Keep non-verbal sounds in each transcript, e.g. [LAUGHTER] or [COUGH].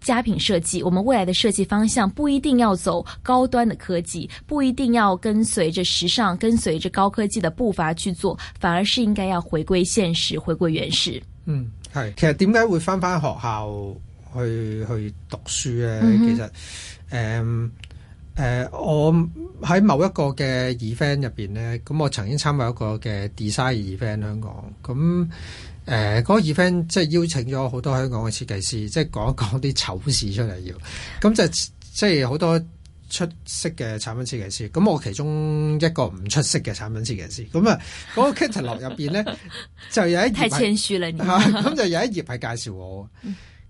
家品設計，我們未來的設計方向不一定要走高端的科技，不一定要跟隨着時尚、跟隨着高科技的步伐去做，反而是應該要回歸現實，回歸原始。嗯，係，其實點解會返返學校去去讀書咧？嗯？其實，誒、嗯、誒、呃，我喺某一個嘅 event 入邊咧，咁我曾經參加一個嘅 design event 香港咁。誒、呃、嗰、那個 event 即係邀請咗好多香港嘅設計師，即係講一講啲醜事出嚟要，咁就即係好多出色嘅產品設計師，咁我其中一個唔出色嘅產品設計師，咁啊嗰個 catalog 入面咧就有太謙虛啦，咁 [LAUGHS] 就有一頁係 [LAUGHS] [LAUGHS] 介紹我，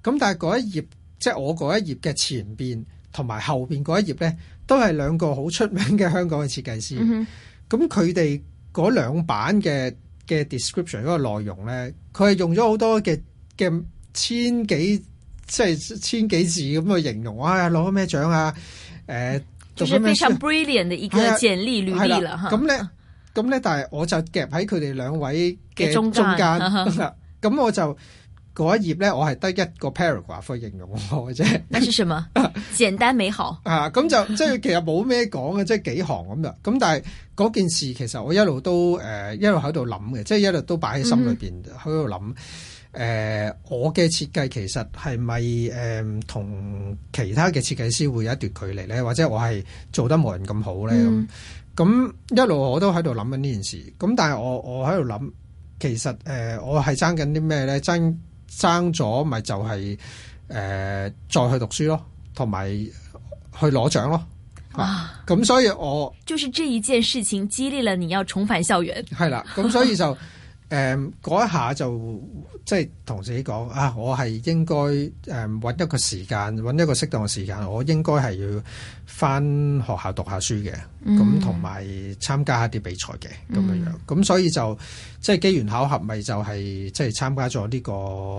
咁但係嗰一頁即係我嗰一頁嘅前面同埋後面嗰一頁咧，都係兩個好出名嘅香港嘅設計師，咁佢哋嗰兩版嘅。嘅 description 嗰個內容咧，佢係用咗好多嘅嘅千幾即係千幾字咁去形容啊，啊攞咗咩獎啊？誒、呃，就是非常 brilliant 嘅一個簡歷、啊、履歷啦。咁咧，咁、嗯、咧，但係我就夾喺佢哋兩位嘅中間啦，咁我就。 [LAUGHS] 嗯 [LAUGHS] 嗰一頁咧，我係得一個 paragraph 去形容我啫。那是什麼？簡單美好。 [LAUGHS] 啊，咁就即係其實冇咩講嘅，即係幾行咁樣。咁但係嗰件事其實我一路都一路喺度諗嘅，即係一路都擺喺心裏邊，喺度諗。誒、嗯嗯嗯嗯，我嘅設計其實係咪誒同其他嘅設計師會有一段距離咧？或者我係做得冇人咁好咧？咁、嗯、咁、嗯嗯嗯、一路我都喺度諗緊呢件事。咁、嗯、但係我我喺度諗，其實誒、呃、我係爭緊啲咩咧？爭爭咗咪就係、是、誒、呃、再去讀書咯，同埋去攞獎咯。啊，咁、啊，所以我就是這一件事情激勵了你要重返校園。係啦，咁所以就。 [LAUGHS] 誒，嗰一下就即係同自己講啊，我係應該誒揾一個時間，揾一個適當嘅時間，我應該係要返學校讀下書嘅，咁同埋參加下啲比賽嘅咁樣樣。咁、嗯、所以就即係機緣巧合，咪就係、是就是、即係參加咗呢個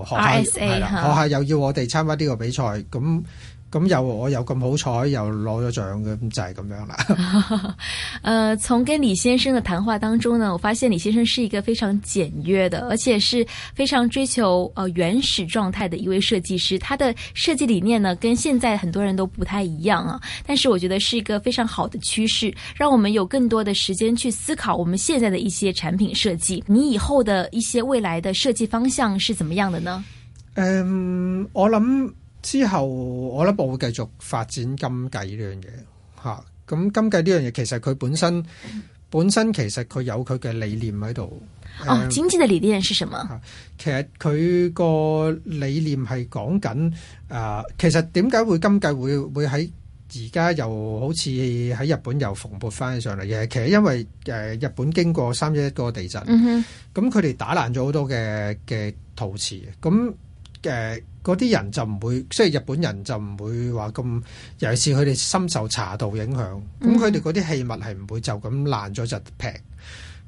學校係啦、啊，學校又要我哋參加呢個比賽咁。咁又我又咁好彩，又攞咗獎嘅，咁就係、是、咁樣啦 [LAUGHS] 、呃。呃從跟李先生的談話當中呢，我發現李先生是一個非常簡約的，而且是非常追求、呃、原始狀態的一位設計師。他的設計理念呢，跟現在很多人都不太一樣啊。但是我覺得是一個非常好的趨勢，讓我們有更多的時間去思考我們現在的一些產品設計。你以後的一些未來的設計方向是怎麼樣的呢？嗯、呃、我諗。之後我諗我會繼續發展金計呢樣嘢吓，咁金計呢樣嘢其實佢本身、嗯、本身其實佢有佢嘅理念喺度。哦，經濟的理念是什麼？其實佢個理念係講緊誒，其實點解、啊、會金計會會喺而家又好似喺日本又蓬勃翻上嚟嘅？其實因為誒日本經過三一一個地震，咁佢哋打爛咗好多嘅嘅陶瓷，咁、啊。誒、呃，嗰啲人就唔會，即係日本人就唔會話咁，尤其是佢哋深受茶道影響，咁佢哋嗰啲器物係唔會就咁爛咗就劈。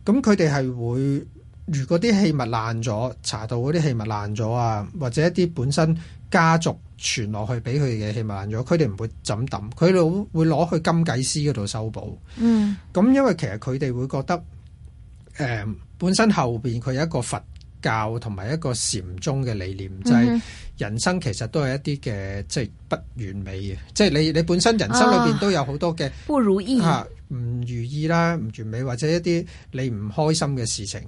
咁佢哋係會如果啲器物爛咗，茶道嗰啲器物爛咗啊，或者一啲本身家族傳落去俾佢嘅器物爛咗，佢哋唔會怎抌，佢哋會攞去金計師嗰度修補。嗯，咁因為其實佢哋會覺得，誒、呃，本身後邊佢有一個佛。教同埋一個禪宗嘅理念，就係、是、人生其實都係一啲嘅即係不完美嘅，即、就、係、是、你你本身人生裏邊都有好多嘅、啊、不如意吓，唔、啊、如意啦，唔完美或者一啲你唔開心嘅事情。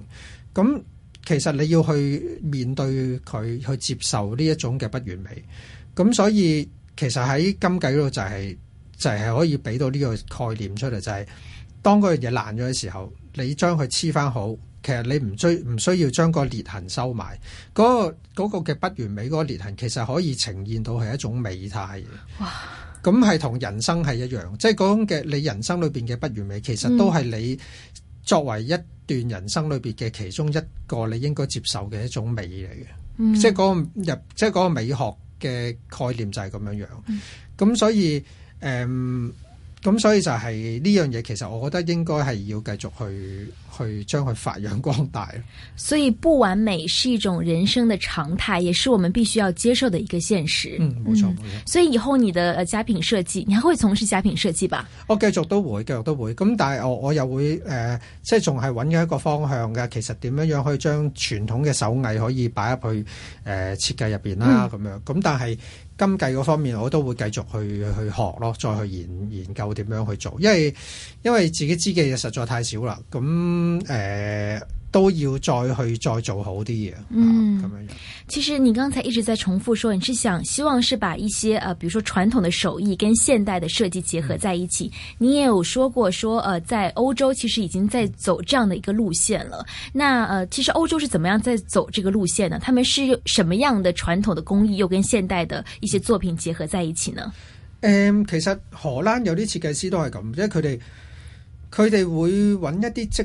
咁其實你要去面對佢，去接受呢一種嘅不完美。咁所以其實喺金繼嗰度就係、是、就係、是、可以俾到呢個概念出嚟，就係、是、當嗰樣嘢爛咗嘅時候，你將佢黐翻好。其實你唔需唔需要將個裂痕收埋，嗰個嗰個嘅不完美嗰個裂痕，其實可以呈現到係一種美態。哇！咁係同人生係一樣，即係嗰種嘅你人生裏邊嘅不完美，其實都係你作為一段人生裏邊嘅其中一個，你應該接受嘅一種美嚟嘅。即係嗰個入，即係嗰個美學嘅概念就係咁樣樣。咁所以誒，咁所以就係呢樣嘢，其實我覺得應該係要繼續去。去將佢發揚光大，所以不完美是一種人生的常態，也是我們必須要接受的一個現實。嗯，冇錯、嗯、所以以後你的家品設計，你還會從事家品設計吧？我繼續都會，繼續都會。咁但係我我又會誒、呃，即係仲係揾緊一個方向㗎。其實點樣樣可以將傳統嘅手藝可以擺入去誒、呃、設計入邊啦。咁、嗯、樣咁但係今計嗰方面，我都會繼續去去學咯，再去研研究點樣去做，因為因為自己知嘅嘢實在太少啦。咁咁、嗯、誒、呃，都要再去再做好啲嘢。嗯，咁樣。其實你剛才一直在重複說，你是想希望是把一些，呃、比如說傳統的手藝跟現代的設計結合在一起。嗯、你也有說過說，說、呃，在歐洲其實已經在走這樣的一個路線了。那，呃、其實歐洲是怎麼樣在走這個路線呢？他們是什麼樣的傳統的工藝又跟現代的一些作品結合在一起呢？嗯、其實荷蘭有啲設計師都係咁，因為佢哋佢哋會揾一啲即。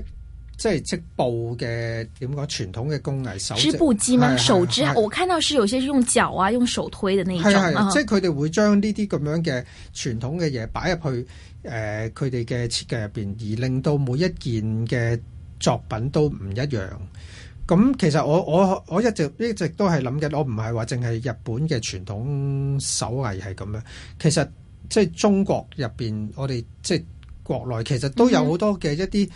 即係織布嘅，點講傳統嘅工藝手指織布機嘛，手織，我看到是有些是用腳啊，用手推嘅。呢種。係係、啊，即係佢哋會將呢啲咁樣嘅傳統嘅嘢擺入去誒佢哋嘅設計入邊，而令到每一件嘅作品都唔一樣。咁其實我我我一直一直都係諗緊，我唔係話淨係日本嘅傳統手藝係咁樣。其實即係中國入邊，我哋即係國內其實都有好多嘅一啲。嗯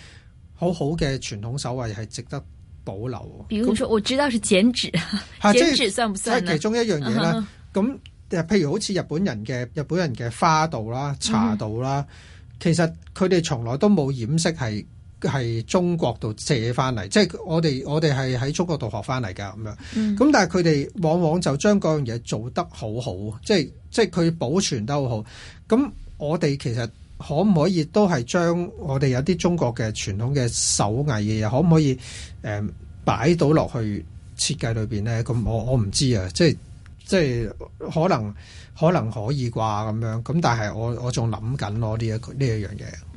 好好嘅傳統手藝係值得保留。比如說，我知道係剪紙、啊，剪紙算不算咧？係其中一樣嘢啦。咁、uh -huh. 譬如好似日本人嘅日本人嘅花道啦、茶道啦，uh -huh. 其實佢哋從來都冇掩飾，係係中國度借翻嚟。即、uh、係 -huh. 我哋我哋係喺中國度學翻嚟㗎咁樣。咁、uh -huh. 但係佢哋往往就將嗰樣嘢做得好好，即係即係佢保存得好好。咁我哋其實。可唔可以都係將我哋有啲中國嘅傳統嘅手藝嘅嘢，可唔可以誒擺到落去設計裏邊咧？咁我我唔知啊，即係即係可能可能可以啩咁樣，咁但係我我仲諗緊咯呢一呢一樣嘢。這個這個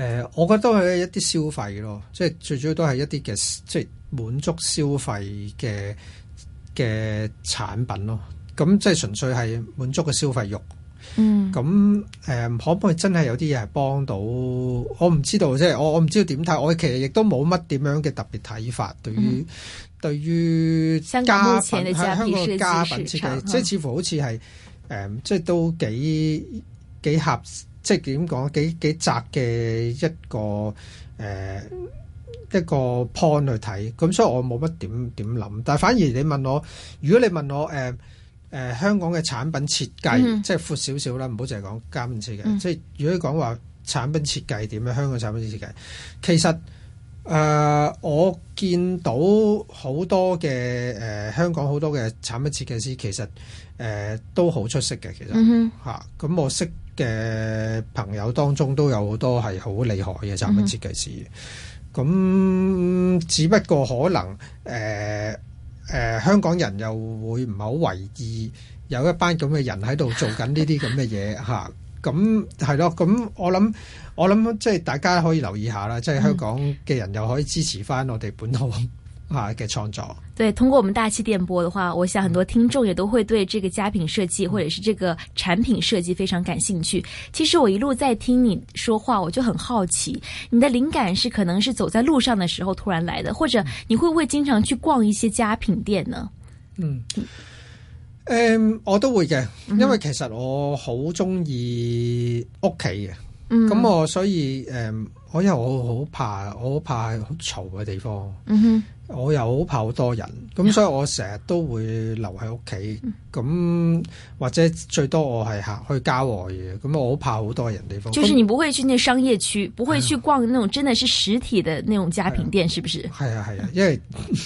誒，我覺得係一啲消費咯，即係最主要都係一啲嘅，即係滿足消費嘅嘅產品咯。咁即係純粹係滿足個消費欲。嗯。咁誒、嗯，可唔可以真係有啲嘢係幫到我？唔知道即係我，我唔知道點睇。我其實亦都冇乜點樣嘅特別睇法、嗯。對於對於家品喺香港嘅家品設計，即係似乎好似係誒，即係都幾幾合。即係點講，幾幾窄嘅一個誒、呃、一個 point 去睇咁，所以我冇乜點點諗。但係反而你問我，如果你問我誒誒香港嘅產品設計，即係闊少少啦，唔好淨係講監視嘅。即係如果你講話產品設計點樣，香港產品設計、嗯嗯、其實誒、呃，我見到好多嘅誒、呃、香港好多嘅產品設計師其實誒都好出色嘅，其實嚇咁、呃嗯啊、我識嘅朋友當中都有好多係好厲害嘅產品設計師，咁、嗯、只不過可能誒誒、呃呃、香港人又會唔係好為意有一班咁嘅人喺度做緊呢啲咁嘅嘢嚇，咁係咯。咁我諗我諗即係大家可以留意一下啦，即係香港嘅人又可以支持返我哋本土嚇嘅創作。嗯對，通過我們大氣電波的話，我想很多聽眾也都會對這個家品設計或者是這個產品設計非常感興趣。其實我一路在聽你說話，我就很好奇，你的靈感是可能是走在路上的時候突然來的，或者你會不會經常去逛一些家品店呢？嗯，嗯我都會嘅，因為其實我好中意屋企嘅，嗯，咁、嗯、我、嗯、所以我因為我好怕我好怕好嘈嘅地方，嗯哼。我又好怕好多人，咁所以我成日都會留喺屋企，咁、嗯、或者最多我係行去郊外嘅，咁我好怕好多人地方。就是你唔會去那商業區、嗯，不會去逛那種真的是實體的那種家庭店、哎，是不是？係啊係啊，因為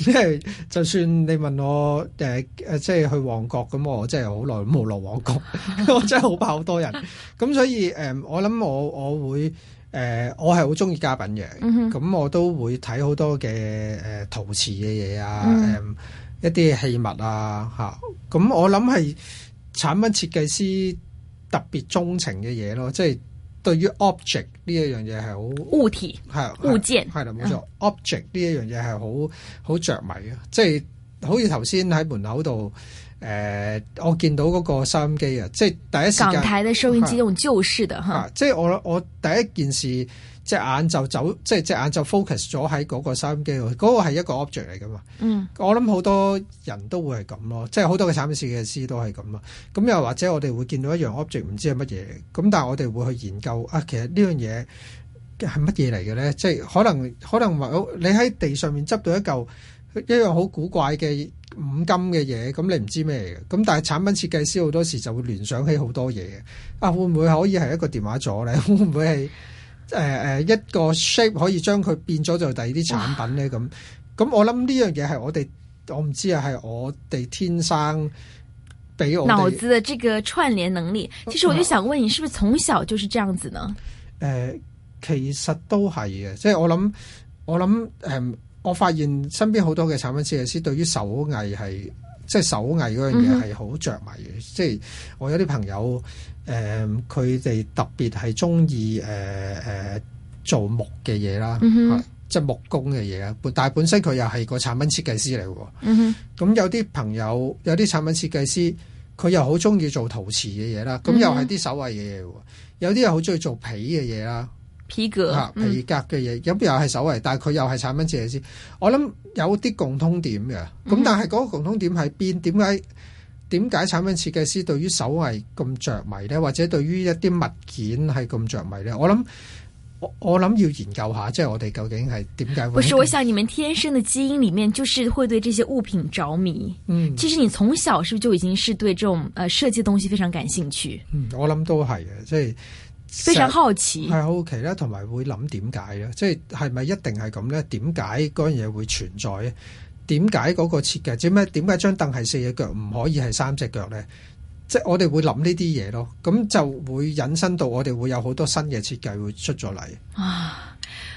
因為、哎、就算你問我誒即係去旺角咁、呃，我真係好耐冇落旺角，啊、 [LAUGHS] [LAUGHS] 我真係好怕好多人。咁所以誒、呃，我諗我我會。呃、我係好中意家品嘅，咁、嗯、我都會睇好多嘅誒、呃、陶瓷嘅嘢啊，嗯嗯、一啲器物啊嚇。咁我諗係產品設計師特別鍾情嘅嘢咯，即、就、係、是、對於 object 呢一樣嘢係好物件係物、嗯、件係啦，冇錯 object 呢一樣嘢係好好著迷啊。即、就、係、是、好似頭先喺門口度。誒、呃，我見到嗰個收音機啊，即係第一時間。港台的收音機用舊式嘅哈、啊啊啊啊。即係我我第一件事，即眼就走，即係隻眼就 focus 咗喺嗰個收音機度，嗰、嗰個係一個 object 嚟㗎嘛。嗯。我諗好多人都會係咁咯，即係好多嘅產品設計師都係咁啊。咁又或者我哋會見到一樣 object，唔知係乜嘢？咁但係我哋會去研究啊，其實呢樣嘢係乜嘢嚟嘅咧？即係可能可能有你喺地上面執到一嚿，一樣好古怪嘅五金嘅嘢，咁你唔知咩嘅，咁但係產品設計師好多時就會聯想起好多嘢嘅，啊會唔會可以係一個電話座咧？會唔會係誒誒一個 shape 可以將佢變咗做第二啲產品咧？咁咁我諗呢樣嘢係我哋，我唔知係我哋天生俾我。腦子的這個串聯能力，其實我就想問你，呃、是不是從小就是這樣子呢？誒、呃，其實都係嘅，即、就、係、是、我諗，我諗誒。呃我發現身邊好多嘅產品設計師對於手藝係、就是嗯，即係手藝嗰樣嘢係好着迷嘅。即係我有啲朋友，誒、呃，佢哋特別係中意誒誒做木嘅嘢啦，即係木工嘅嘢。但係本身佢又係個產品設計師嚟喎。咁、嗯、有啲朋友，有啲產品設計師，佢又好中意做陶瓷嘅嘢啦。咁又係啲手藝嘅嘢。有啲又好中意做皮嘅嘢啦。皮革嘅嘢有邊又係手藝，但係佢又係產品設計師。我諗有啲共通點嘅，咁、嗯、但係嗰個共通點喺邊？點解點解產品設計師對於手藝咁着迷咧？或者對於一啲物件係咁着迷咧？我諗我我諗要研究下，即係我哋究竟係點解？會，我想你們天生嘅基因裏面就是會對這些物品着迷，嗯。其實你從小是不是就已經是對這種誒設計東西非常感興趣？嗯、我諗都係嘅，即係。非常好奇，係好奇咧，同埋會諗點解咧？即係係咪一定係咁咧？點解嗰樣嘢會存在咧？點解嗰個設計？點解點解張凳係四隻腳唔可以係三隻腳咧？即係我哋會諗呢啲嘢咯，咁就會引申到我哋會有好多新嘅設計會出咗嚟。啊